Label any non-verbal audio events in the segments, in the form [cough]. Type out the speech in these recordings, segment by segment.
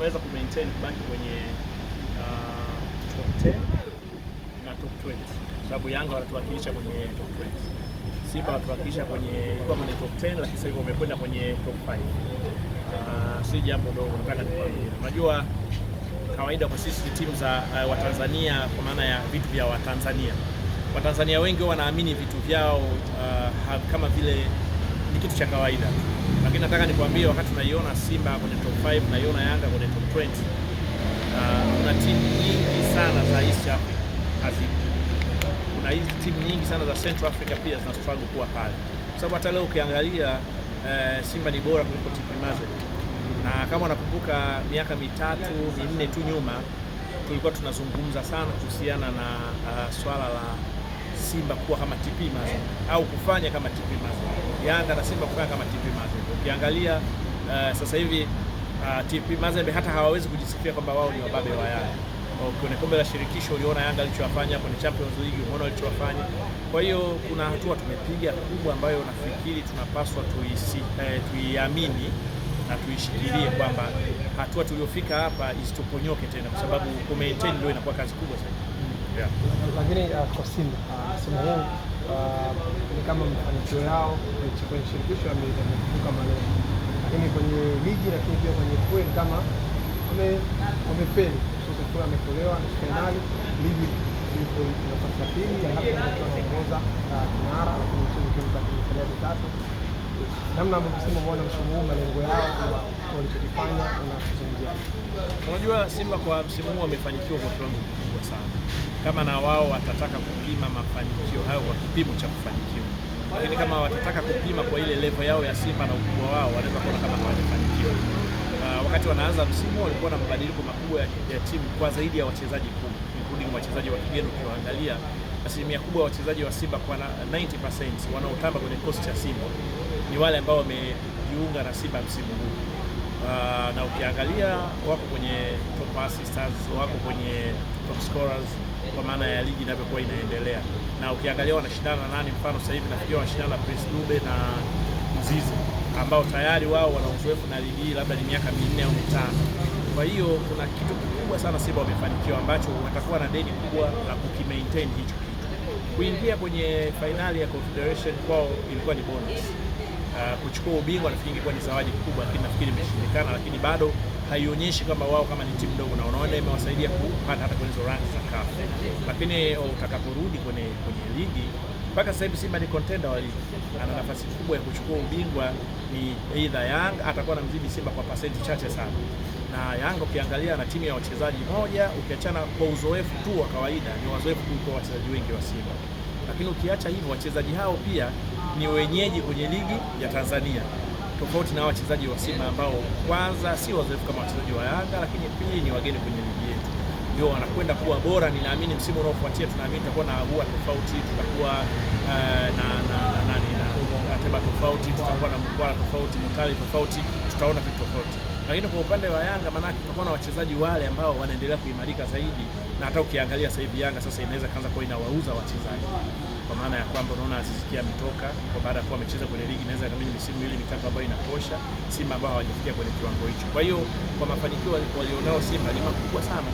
tumeweza maintain kubaki kwenye uh, top 10 na top 20, sababu Yanga wanatuwakilisha kwenye top 20, Simba wanatuwakilisha kwenye kwa kwenye top 10, lakini sasa hivi wamekwenda kwenye top 5. Uh, si jambo dogo, nataka nikwambie. Unajua kawaida kwa sisi timu za uh, Watanzania kwa maana ya vitu vya Watanzania, Watanzania wengi wanaamini vitu vyao uh, kama vile ni kitu cha kawaida nataka nikwambie, wakati naiona Simba kwenye top 5, naiona Yanga kwenye top 20. Uh, kuna timu nyingi sana za East Africa hazipo. Kuna hizi timu nyingi sana za Central Africa pia zina struggle kuwa pale, kwa sababu hata leo ukiangalia uh, Simba ni bora kuliko TP Mazembe, na kama unakumbuka miaka mitatu minne tu nyuma tulikuwa tunazungumza sana kuhusiana na uh, swala la Simba kuwa kama TP Mazembe au kufanya kama TP Mazembe, Yanga na Simba kufanya kama TP Mazembe. Ukiangalia uh, sasa hivi uh, eh, TP Mazembe hata hawawezi kujisifia kwamba wao ni wababe wa Yanga. Kwenye kombe la shirikisho uliona Yanga alichowafanya, kwenye Champions League umeona alichowafanya. Kwa hiyo kuna hatua tumepiga kubwa ambayo nafikiri tunapaswa eh, tuiamini na tuishikilie kwamba hatua tuliofika hapa isitoponyoke tena, kwa sababu kumaintain ndio inakuwa kazi kubwa sana. Lakini uh, kwa Simba uh, uh, ni kama mafanikio yao kwenye shirikisho malengo, lakini kwenye ligi, lakini pia kwenye FA ni kama wamefeli, ametolewa nusu fainali ligi uh, nafasi ya pili, anaongoza kinara mchezo namna ambavyo Simba msimu huu malengo yao walichokifanya, unazungumzia. Unajua Simba kwa msimu huu wamefanikiwa kwa kiwango kikubwa sana kama na wao watataka kupima mafanikio hayo kwa kipimo cha kufanikiwa, lakini kama watataka kupima kwa ile level yao ya Simba na ukubwa wao, wanaweza kuona kama hawajafanikiwa. Uh, wakati wanaanza msimu walikuwa na mabadiliko makubwa ya timu kwa zaidi ya wachezaji kumi, including wachezaji wa kigeni. Ukiwaangalia asilimia kubwa ya wachezaji wa Simba kwa 90% wanaotamba kwenye kikosi cha Simba ni wale ambao wamejiunga na Simba msimu huu. Uh, na ukiangalia wako kwenye top assisters, wako kwenye top scorers kwa maana ya ligi inavyokuwa inaendelea, na ukiangalia wanashindana na nani, mfano sasa hivi nafikiri wanashindana Prince Dube na Mzizi ambao tayari wao wana uzoefu na ligi labda ni miaka minne au mitano. Kwa hiyo kuna kitu kikubwa sana Simba wamefanikiwa ambacho watakuwa na deni kubwa la kukimaintain hicho kitu. Kuingia kwenye fainali ya Confederation kwao ilikuwa ni bonus. Eh, kuchukua ubingwa nafikiri ingekuwa ni zawadi kubwa, lakini nafikiri imeshindikana, lakini bado haionyeshi kama wao kama ni timu ndogo, na unaona imewasaidia kupanda hata kwenye hizo rank za CAF. Lakini oh, utakaporudi kwenye kwenye ligi, mpaka sasa hivi Simba ni contender wa ligi, ana nafasi kubwa ya kuchukua ubingwa. Ni either Yanga atakuwa na mzidi Simba kwa pasenti chache sana, na Yanga ukiangalia na timu ya wachezaji moja, ukiachana kwa uzoefu tu wa kawaida, ni wazoefu kuliko wachezaji wengi wa Simba, lakini ukiacha hivyo wachezaji hao pia ni wenyeji kwenye ligi ya Tanzania, tofauti na wachezaji wa Simba ambao kwanza si wazoefu kama wachezaji wa Yanga, lakini pili ni wageni kwenye ligi yetu, ndio wanakwenda kuwa bora. Ninaamini msimu unaofuatia, tunaamini tutakuwa na agua tofauti, tutakuwa eh, na ratiba tofauti, tutakuwa na mkwara tofauti, mkali tofauti, tutaona vitu tofauti. Lakini kwa upande wa Yanga, maanake tutakuwa na wachezaji wale ambao wanaendelea kuimarika zaidi, na hata ukiangalia sasa hivi Yanga sasa inaweza kaanza kuwa inawauza wachezaji kwa maana ya kwamba unaona asisikia Ki ametoka kwa baada ya kuwa amecheza kwenye ligi naweza kama misimu miwili mitatu ambayo inatosha. Simba ambao hawajafikia kwenye kiwango hicho, kwa hiyo kwa mafanikio walionao Simba ni makubwa sana,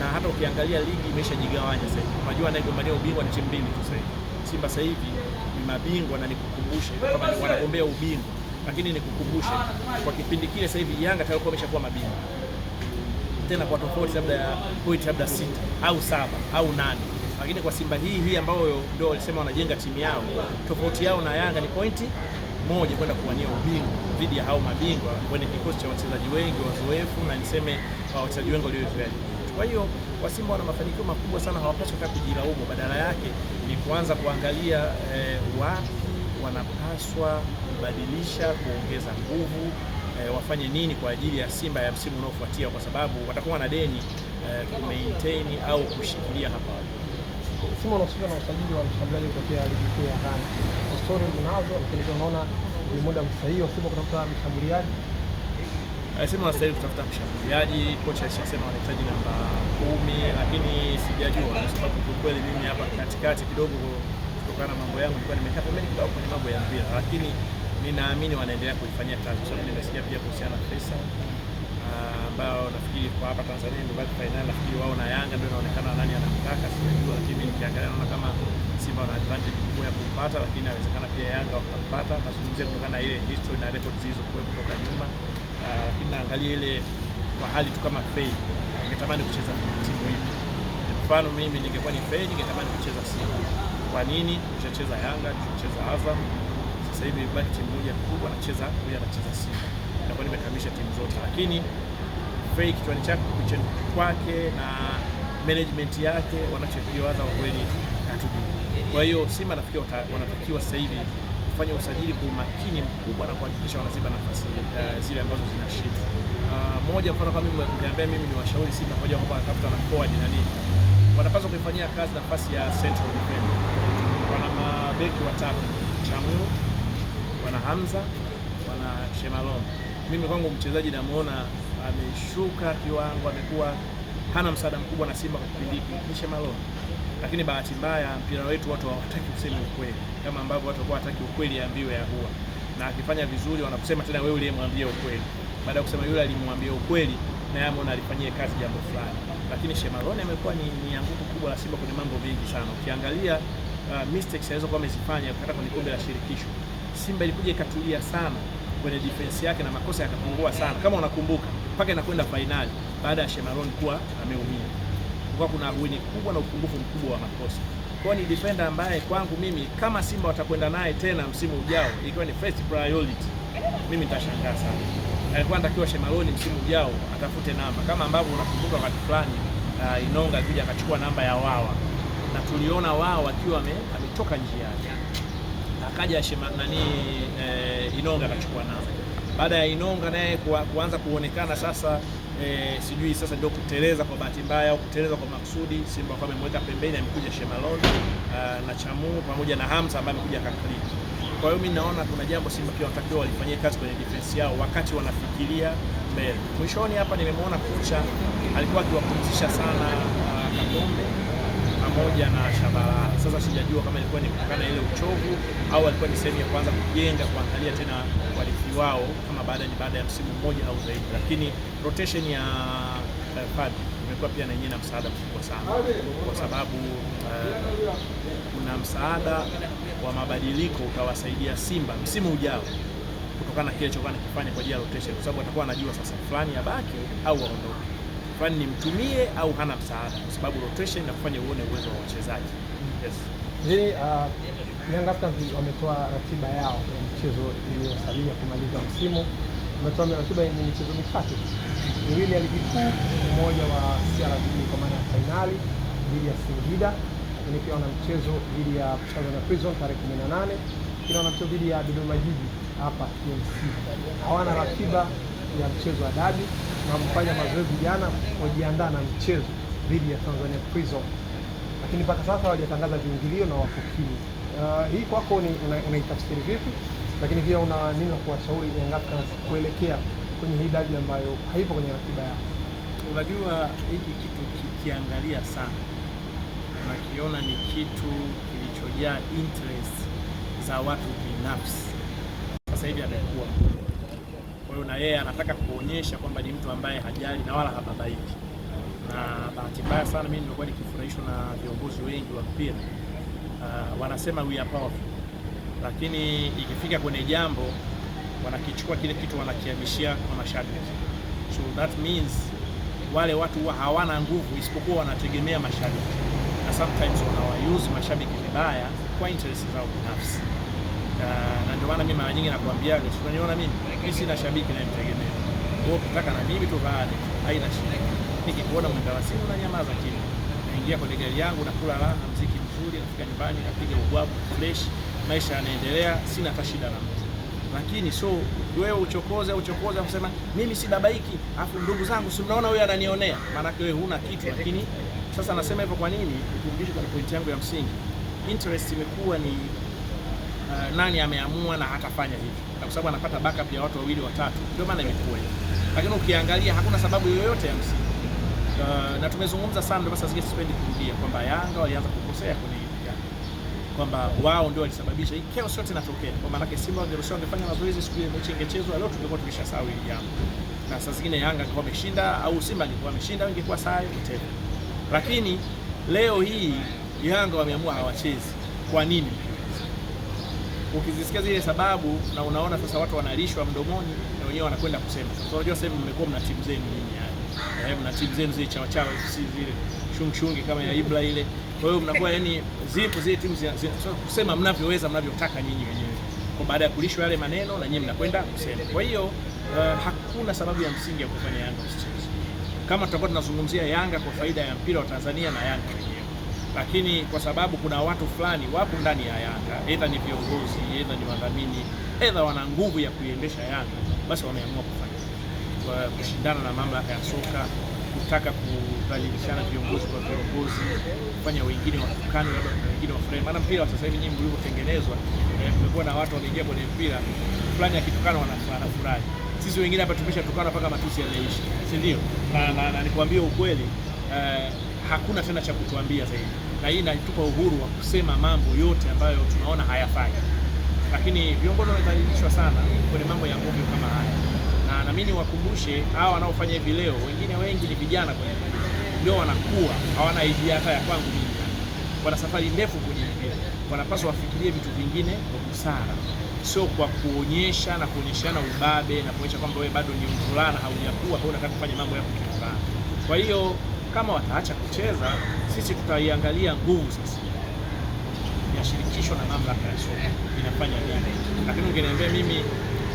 na hata ukiangalia ligi imeshajigawanya sasa hivi. Unajua anayegombania ubingwa ni timu mbili tu sasa hivi. Simba sasa hivi ni mabingwa, na nikukumbushe kama ni wanagombea ubingwa, lakini nikukumbushe kwa kipindi kile sasa hivi Yanga tayari ameshakuwa mabingwa tena kwa tofauti labda ya pointi labda sita au saba au nane lakini kwa Simba hii hii ambayo ndio walisema wanajenga timu yao, tofauti yao na Yanga ni pointi moja kwenda kuwania ubingwa dhidi ya hao mabingwa kwenye kikosi cha wachezaji wengi wazoefu na niseme uh, wachezaji wengi waliozoefu. Kwa hiyo Wasimba wana mafanikio makubwa sana, hawapaswi hata kujilaumu, badala yake ni kuanza kuangalia eh, wapi wanapaswa kubadilisha, kuongeza nguvu eh, wafanye nini kwa ajili ya Simba ya msimu unaofuatia, kwa sababu watakuwa na deni eh, kumaintain au kushikilia hapa msimu unaohusika na usajili wa mshambuliaji kutokea ligi kuu ya Ghana. Stori mnazo lakini ni muda msahihi wa Simba kutafuta mshambuliaji. Eh, Simba wanastahili kutafuta mshambuliaji, kocha alishasema wanahitaji namba kumi, lakini sijajua kwa sababu kwa kweli mimi hapa katikati kidogo kutokana na mambo yangu nilikuwa nimekaa pembeni kidogo kwenye mambo ya mpira, lakini ninaamini wanaendelea kuifanyia kazi kwa sababu nimesikia pia kuhusiana na pesa ambao nafikiri kwa hapa Tanzania ndio imebaki finali, nafikiri wao na Yanga ndio inaonekana nani anamtaka, sijajua, lakini nikiangalia naona kama Simba wana advantage kubwa ya kumpata, lakini inawezekana pia Yanga wakampata. Nazungumzia kutokana na ile history na records zilizokuwa kutoka nyuma, ah, lakini naangalia ile kwa hali tu kama Fei ningetamani kucheza timu hii. Mfano mimi ningekuwa ni Fei ningetamani kucheza Simba. Kwa nini? Tushacheza Yanga, tushacheza Azam, sasa hivi baki timu moja kubwa anacheza, huyu anacheza Simba, nakuwa nimekamisha timu zote lakini Fei kichwani chake kwake na management yake wanachokiwaza kwa kweli hatujui. Kwa hiyo Simba nafikiri wanatakiwa sasa hivi kufanya usajili kwa umakini mkubwa na kuhakikisha wanaziba nafasi eh, zile ambazo zina shida. Uh, ah, moja mfano kama mimi niambia mimi ni washauri Simba kwa kwamba anatafuta na forward nani. Wanapaswa kuifanyia kazi nafasi ya central defender. Wana mabeki watatu, Chamu, wana Hamza, wana Shemalon. Mimi kwangu mchezaji namuona ameshuka kiwango, amekuwa hana msaada mkubwa na Simba kwa kipindi hiki ni Shemalone. Lakini bahati mbaya mpira wetu watu hawataki kusema ukweli, kama ambavyo watu walikuwa hataki ukweli ambiwe ya huwa, na akifanya vizuri wanakusema tena, wewe uliyemwambia ukweli, baada ya kusema yule alimwambia ukweli na Amon alifanyia kazi jambo fulani. Lakini Shemalone amekuwa ni, ni anguko kubwa la Simba kwenye mambo mengi sana. Ukiangalia uh, mistakes kwa amezifanya hata kwenye kombe la shirikisho, Simba ilikuja ikatulia sana kwenye defense yake na makosa yakapungua sana, kama unakumbuka mpaka inakwenda fainali baada ya Shemaron kuwa ameumia. Kwa kuna wini kubwa na upungufu mkubwa wa makosa. Kwa ni defender ambaye kwangu mimi kama Simba watakwenda naye tena msimu ujao ikiwa ni first priority, mimi nitashangaa sana. Alikuwa anatakiwa Shemaroni msimu ujao atafute namba kama ambavyo unakumbuka wakati fulani uh, Inonga kuja akachukua namba ya Wawa na tuliona Wawa akiwa ametoka njiani, akaja Shema nani eh, Inonga akachukua namba baada ya Inonga naye kuanza kuonekana sasa e, sijui sasa ndio kuteleza kwa bahati mbaya au kuteleza kwa maksudi Simba kwa amemweka pembeni, amekuja Shemalon eh, na Chamu pamoja na Hamza ambaye amekuja kakri Kwa hiyo mimi naona kuna jambo Simba pia watakiwa walifanyia kazi kwenye defense yao wakati wanafikiria mbele. Mwishoni hapa nimemwona kocha alikuwa akiwapumzisha sana uh, eh, Kapombe pamoja na Shabalala. Sasa sijajua kama ilikuwa ni kutokana ile uchovu au alikuwa ni sehemu ya kwanza kujenga kuangalia tena warithi wao kama baada ni baada ya msimu mmoja au zaidi, lakini rotation ya eh, Fadlu imekuwa pia na yeye na msaada mkubwa sana, kwa sababu eh, kuna uh, msaada wa mabadiliko utawasaidia Simba msimu ujao kutokana na kile chokana anakifanya kwa ajili ya rotation, kwa sababu atakuwa anajua sasa fulani abaki au aondoke fulani nimtumie au hana msaada, kwa sababu rotation inakufanya uone uwezo wa wachezaji. Yes. Zile uh, ah, Young Africans wametoa ratiba yao ya mchezo iliyosalia kumaliza msimu, wametoa ratiba yenye michezo mitatu, miwili ya ligi kuu, mmoja wa CRB kwa maana ya fainali dhidi ya Singida, lakini pia wana mchezo dhidi ya Tanzania Prison tarehe 18, pia wana mchezo dhidi ya Dodoma Jiji hapa TMC. Hawana ratiba ya mchezo wa dabi na mfanya mazoezi jana kujiandaa na mchezo dhidi ya Tanzania Prison, lakini mpaka sasa hawajatangaza viingilio na wafukini. Uh, ah, hii kwako unaitafsiri una vipi? Lakini pia una nini la kuwashauri Yanga kuelekea kwenye hii dabi ambayo haipo kwenye ratiba yao? Unajua hiki kitu kikiangalia sana nakiona ni kitu kilichojaa interest za watu binafsi. Sasa hivi amekuwa kwa hiyo na yeye anataka kuonyesha kwamba ni mtu ambaye hajali na wala hababaiki. Na bahati mbaya sana mimi nimekuwa nikifurahishwa na viongozi wengi wa mpira uh, wanasema we are powerful, lakini ikifika kwenye jambo wanakichukua kile kitu wanakihamishia kwa mashabiki. So that means wale watu huwa hawana nguvu isipokuwa wanategemea mashabiki, na sometimes wanawayuzi mashabiki vibaya kwa interest zao binafsi. Ah, ndio maana mimi mara nyingi nakwambia, unaniona mimi, mimi sina shabiki na mtegemea Wewe ukitaka na mimi tuvaane, haina shida. Nikikuona mwenda simu na nyamaza kimya, naingia kwenye gari yangu na kula raha, muziki mzuri, nafika nyumbani napiga ubwabu fresh, maisha yanaendelea, sina hata shida na mtu. Lakini so wewe uchokoze uchokoze, unasema mimi si babaiki, afu ndugu zangu, si mnaona huyu ananionea. Maana wewe huna kitu, lakini sasa nasema hivyo kwa nini? Nikurudishe kwa pointi yangu ya msingi, interest imekuwa ni Uh, nani ameamua na hatafanya hivi, na kwa sababu anapata backup ya watu wawili watatu, ndio maana imekuwa hiyo. Lakini ukiangalia hakuna sababu yoyote ya msingi uh, na tumezungumza sana, ndio basi sipendi kurudia kwamba Yanga walianza kukosea kwenye kwamba wao ndio walisababisha hii chaos yote inatokea. Kwa maana yake Simba wangeruhusiwa wangefanya mazoezi siku ile mechi ingechezwa leo, tungekuwa tumeshasahau hili jambo, na saa zingine Yanga angekuwa ameshinda au Simba angekuwa ameshinda, ingekuwa sawa tena. Lakini leo hii Yanga wameamua hawachezi. Kwa nini? ukizisikia zile sababu na unaona sasa watu wanalishwa mdomoni na wenyewe wanakwenda kusema. Sasa unajua sasa hivi mmekuwa mna timu zenu nyinyi yani. Eh, mna timu zenu zile chama chama FC zile shungshungi kama ya Ibra ile. Kwa hiyo mnakuwa yani zipo zile timu zile kusema mnavyoweza mnavyotaka nyinyi wenyewe. Kwa baada ya kulishwa yale maneno na nyinyi mnakwenda kusema. Kwa hiyo uh, hakuna sababu ya msingi ya kufanya Yanga msicheze. Kama tutakuwa tunazungumzia Yanga kwa faida ya mpira wa Tanzania na Yanga lakini kwa sababu kuna watu fulani wapo ndani ya Yanga, aidha ni viongozi, aidha ni wadhamini, aidha wana nguvu ya kuiendesha Yanga, basi wameamua kufanya kwa kushindana na mamlaka ya soka, kutaka kudhalilishana viongozi kwa viongozi, kufanya wengine watukane, labda wengine wafurahi. Maana mpira wa sasa hivi nyingi ulivyotengenezwa, eh, kumekuwa na watu wameingia kwenye mpira fulani, akitukana wanafurahi. Sisi wengine hapa tumeshatukana mpaka matusi yanaishi, si ndio? Na, na, na nikwambie ukweli eh, hakuna tena cha kutuambia zaidi, na hii inatupa uhuru wa kusema mambo yote ambayo tunaona hayafai. Lakini viongozi wamedhalilishwa sana kwenye mambo ya ovyo kama haya, na naamini wakumbushe hawa wanaofanya hivi leo, wengine wengi ni vijana kwenye ndio wanakuwa hawana idea hata ya kwangu mimi, wana safari ndefu kujiiia. Wanapaswa wafikirie vitu vingine kwa busara, sio kwa kuonyesha na kuonyeshana ubabe na kuonyesha kwamba wewe bado ni mvulana, haujakuwa, unataka kufanya mambo yako Kwa hiyo kama wataacha kucheza, sisi tutaiangalia nguvu sasa ya shirikisho na mamlaka ya soka inafanya nini. Lakini ungeniambia mimi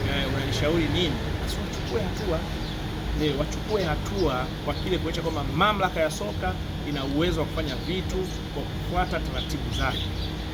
eh, unanishauri nini? Basi wachukue hatua ne, wachukue hatua kwa kile kuonyesha kwamba mamlaka ya soka ina uwezo wa kufanya vitu kwa kufuata taratibu zake.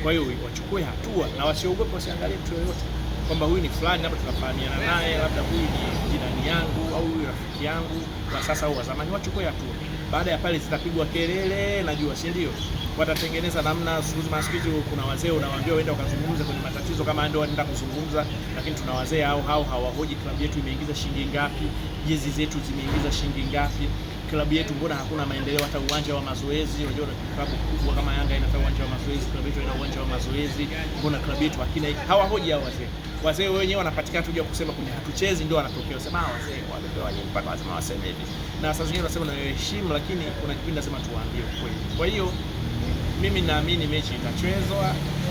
Kwa hiyo wachukue hatua na wasiogope, wasiangalie mtu yoyote kwamba huyu ni fulani, labda tunafahamiana naye, labda huyu ni jirani yangu au huyu rafiki yangu wa sasa au wa zamani. Wachukue hatua baada ya pale zitapigwa kelele, najua si ndio? Watatengeneza namna. Siku kuna wazee unawaambia waende wakazungumza kwenye matatizo, kama ndio wanaenda kuzungumza, lakini tuna wazee hao hao hawahoji klabu yetu imeingiza shilingi ngapi, jezi zetu zimeingiza shilingi ngapi klabu yetu mbona hakuna maendeleo, hata uwanja wa mazoezi. Unajua klabu kubwa kama Yanga ina uwanja wa mazoezi, klabu yetu ina uwanja wa mazoezi, mbona klabu yetu hakina? Hawahoji hao wazee wazee wenyewe wanapatikana tu kusema kwenye hatuchezi, ndio wanatokea sema ah, wazee walipewa nyimbo mpaka lazima waseme hivi, na sasa zingine wanasema nawaheshimu, lakini kuna kipindi nasema tuwaambie ukweli. Kwa hiyo mimi naamini mechi itachezwa,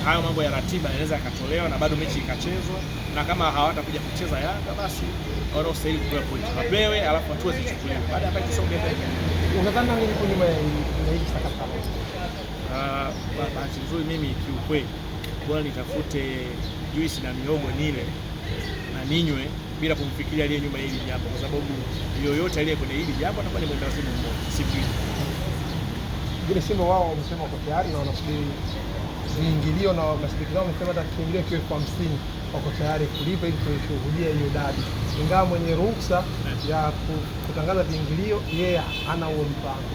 hayo mambo ya ratiba yanaweza yakatolewa na bado mechi ikachezwa, na kama hawatakuja kucheza Yanga basi wanaostahili kupewa pointi wapewe, alafu hatua zichukuliwe. Baada ya pale tusonge mbele. Ah, bahati nzuri mimi kiukweli bora nitafute juisi na miogo nile na ninywe bila kumfikiria aliye nyuma hili jambo, kwa sababu yoyote aliye kwenye hili jambo anakuwa ni mwenda wazimu mmoja. Siku vile simu wao wamesema wako tayari na wanasubiri viingilio, na mashabiki zao wamesema hata kiingilio kiwe elfu hamsini wako tayari kulipa ili kushuhudia hiyo dabi, ingawa mwenye ruhusa ya kutangaza viingilio yeye ana huo mpango.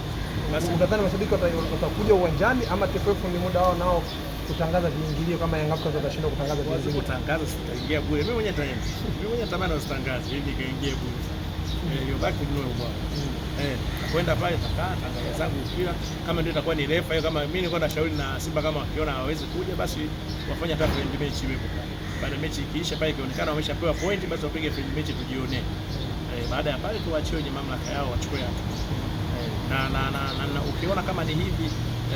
Basi unadhani mashabiki watakuja uwanjani ama TFF ni muda wao nao kutangaza viingilio kama Yanga Afrika watashindwa kutangaza viingilio, kutangaza sitaingia bure. Mimi mwenyewe nitaenda, mimi mwenyewe natamani usitangaze ili kaingie bure, Eh, hiyo baki ndio bwana eh, kwenda pale takaa tangaza zangu mpira kama ndio itakuwa ni refa hiyo. Kama mimi niko na shauri na Simba, kama wakiona hawawezi kuja, basi wafanye hata friendly match iwe baada mechi ikiisha pale, ikionekana wameshapewa point, basi wapige friendly match tujione. Eh, baada ya pale tuwaachie wenye mamlaka yao wachukue hapo. Na, na, na, na, na ukiona kama ni hivi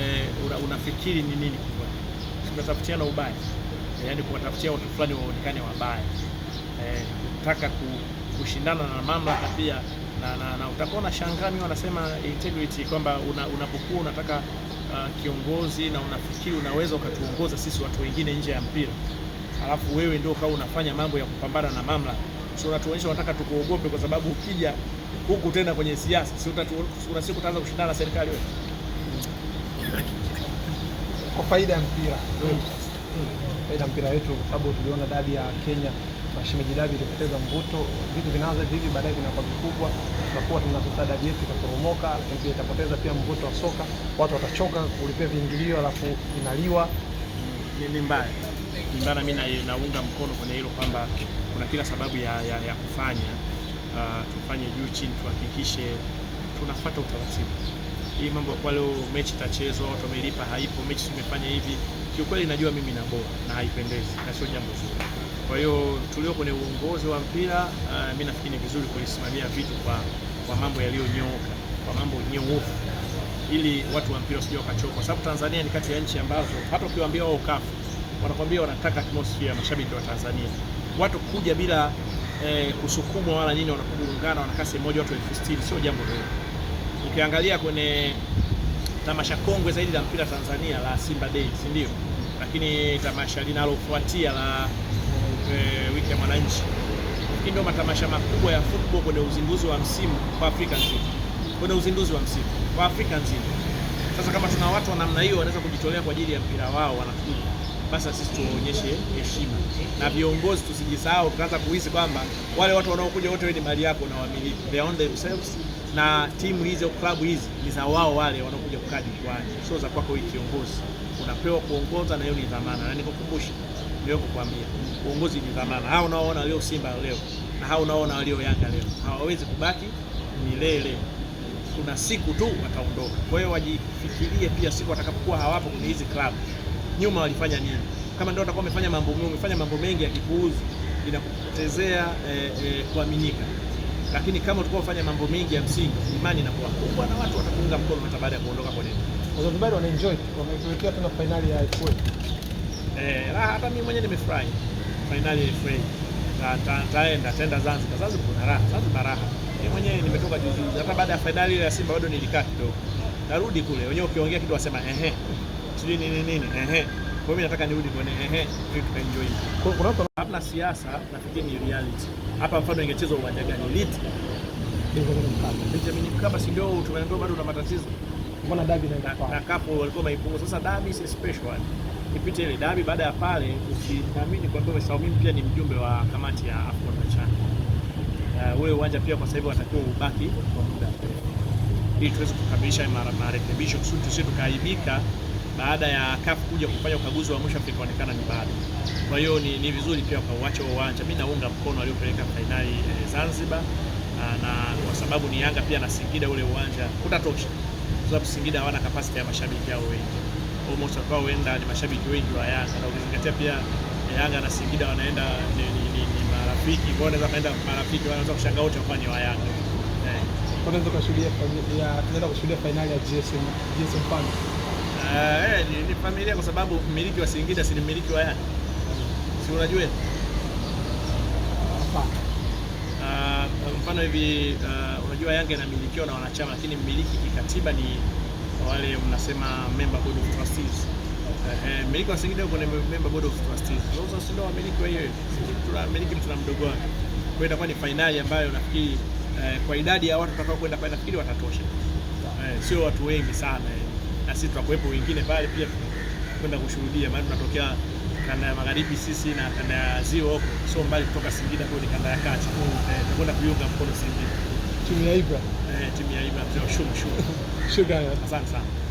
eh, unafikiri ni nini tunatafutiana ubaya, yaani kuwatafutia watu fulani waonekane wabaya e, kutaka kushindana na mamlaka pia na, na, na utakuwa na shangaa, wanasema integrity kwamba unapokuwa una unataka uh, kiongozi na unafikiri unaweza ukatuongoza sisi watu wengine nje ya mpira, alafu wewe ndio ukawa unafanya mambo ya kupambana na mamlaka, sio unatuonyesha unataka tukuogope, kwa sababu ukija huku tena kwenye siasa, si una siku utaanza kushindana na serikali wewe kwa faida ya mpira faida mpira wetu, kwa sababu tuliona dabi ya Kenya mashemeji dabi ilipoteza mvuto. Vitu vinaanza hivi, baadaye vinakuwa vikubwa, tunakuwa tuna dabi yetu itaporomoka, lakini pia itapoteza pia mvuto wa soka. Watu watachoka kulipia viingilio, alafu inaliwa ni mbaya. Kulingana mimi naunga mkono kwenye hilo kwamba kuna kila sababu ya, ya, ya kufanya uh, tufanye juu chini, tuhakikishe tunafuata utaratibu hii mambo kwa leo mechi itachezwa, watu wamelipa, haipo mechi tumefanya hivi, kiukweli najua mimi na bora na haipendezi na sio jambo zuri. Kwa hiyo tulio kwenye uongozi wa mpira uh, mimi nafikiri ni vizuri kulisimamia vitu kwa kwa mambo yaliyonyooka, kwa mambo nyoofu, ili watu wa mpira sio wakachoka, kwa sababu Tanzania ni kati ya nchi ambazo hata ukiwaambia wao kafu wanakwambia wanataka atmosphere ya mashabiki wa Tanzania, watu kuja bila eh, kusukumwa wala nini, wanakuungana wanakaa sehemu moja, watu elfu sitini, sio jambo dogo ukiangalia kwenye tamasha kongwe zaidi la mpira Tanzania la Simba Day, si ndio? Lakini tamasha linalofuatia la e, wiki ya mwananchi hii ndio matamasha makubwa ya football kwenye uzinduzi wa msimu kwa Afrika nzima, kwenye uzinduzi wa msimu kwa Afrika nzima. Sasa kama tuna watu wa namna hiyo wanaweza kujitolea kwa ajili ya mpira wao wanafikiri basi sisi tuwaonyeshe heshima, na viongozi tusijisahau, tukaanza kuhisi kwamba wale watu wanaokuja wote, wewe ni mali yako na wamiliki, they own themselves na timu hizi au klabu hizi ni za wao wale wanaokuja kukaa jukwani, sio za kwako. Wewe kiongozi unapewa kuongoza, na hiyo ni dhamana, na nikukumbusha ndio kukwambia uongozi ni dhamana. Hao unaoona leo Simba leo na hao unaoona walio Yanga leo hawawezi kubaki milele, kuna siku tu wataondoka. Kwa hiyo wajifikirie pia siku watakapokuwa hawapo kwenye hizi klabu, nyuma walifanya nini? Kama ndio watakuwa wamefanya mambo mengi, wamefanya mambo mengi ya kipuuzi, inakupotezea kuaminika. Eh, eh, kuaminika lakini kama utakuwa ufanya mambo mengi ya msingi, imani inakuwa kubwa na watu watakuunga mkono hata baada ya kuondoka. Kwa nini? Wazanzibari wana enjoy, wametuwekea tena finali ya FA. Eh, hata mimi mwenyewe nimefurahi finali ya FA. Taenda taenda Zanzibar. Zanzibar kuna raha, Zanzibar raha. Mimi mwenyewe nimetoka juzi juzi, hata baada ya finali ya Simba bado nilikaa kidogo, narudi kule, wenyewe ukiongea kitu wasema ehe, sijui nini nini, ehe kwa hiyo nataka nirudi kwenye ehe, tukaenjoy. Kwa kuna watu hapa siasa, nafikiri ni reality. Hapa mfano ingechezwa uwanja gani? Liti. Benjamin Mkapa si ndio tumeambiwa bado una matatizo. Mbona dabi na na kapo walikuwa maipungo. Sasa dabi si special Ipite ile dabi baada ya pale usiamini kwa sababu Saumi pia ni mjumbe wa kamati ya Afcon Machana. Ule eh, uh, uwanja pia kwa sababu atakuwa ubaki kwa muda. Ili tuweze kukamilisha marekebisho kusudi tusije tukaibika baada ya CAF kuja kufanya ukaguzi wa mwisho ikaonekana ni bado. Kwa hiyo ni, ni vizuri pia kauacha uwanja. Mimi naunga mkono aliyopeleka fainali eh, Zanzibar ah, na kwa sababu ni Yanga pia na Singida, ule uwanja utatosha kwa sababu Singida hawana capacity ya mashabiki yao wengi, almost ambao huenda ni mashabiki wengi wa Yanga, na ukizingatia pia eh, Yanga na Singida wanaenda ni, ni, ni, ni marafiki, kwa hiyo kaenda marafiki wanaweza kushangaa wote wafanye wa Yanga eh. Tunaweza kushuhudia tunaenda kushuhudia finali ya GSM GSM Fund Eh, eh, ni, ni familia kwa sababu mmiliki wa Singida si mmiliki wa Yanga. Si unajua? Uh, mfano hivi uh, unajua Yanga inamilikiwa na wanachama lakini mmiliki kikatiba ni wale mnasema member board of trustees. Eh, mmiliki eh, wa Singida kuna member board of trustees. Sasa ndio wamiliki wa hiyo. Tunamiliki mtu na mdogo wake. Kwa hiyo itakuwa ni fainali ambayo nafikiri eh, kwa idadi ya watu watakao kwenda pale nafikiri watatosha. Eh, sio watu wengi sana. Eh na sisi tunakuwepo wengine pale pia kwenda kushuhudia, maana tunatokea kanda ya magharibi sisi na kanda ya ziwa huko sio mbali kutoka Singida, kwa ni kanda ya kati eh, tunakwenda kuiunga mkono Singida, timu ya Ibra, eh, timu ya Ibra, tunashukuru. [laughs] Shukrani, asante sana.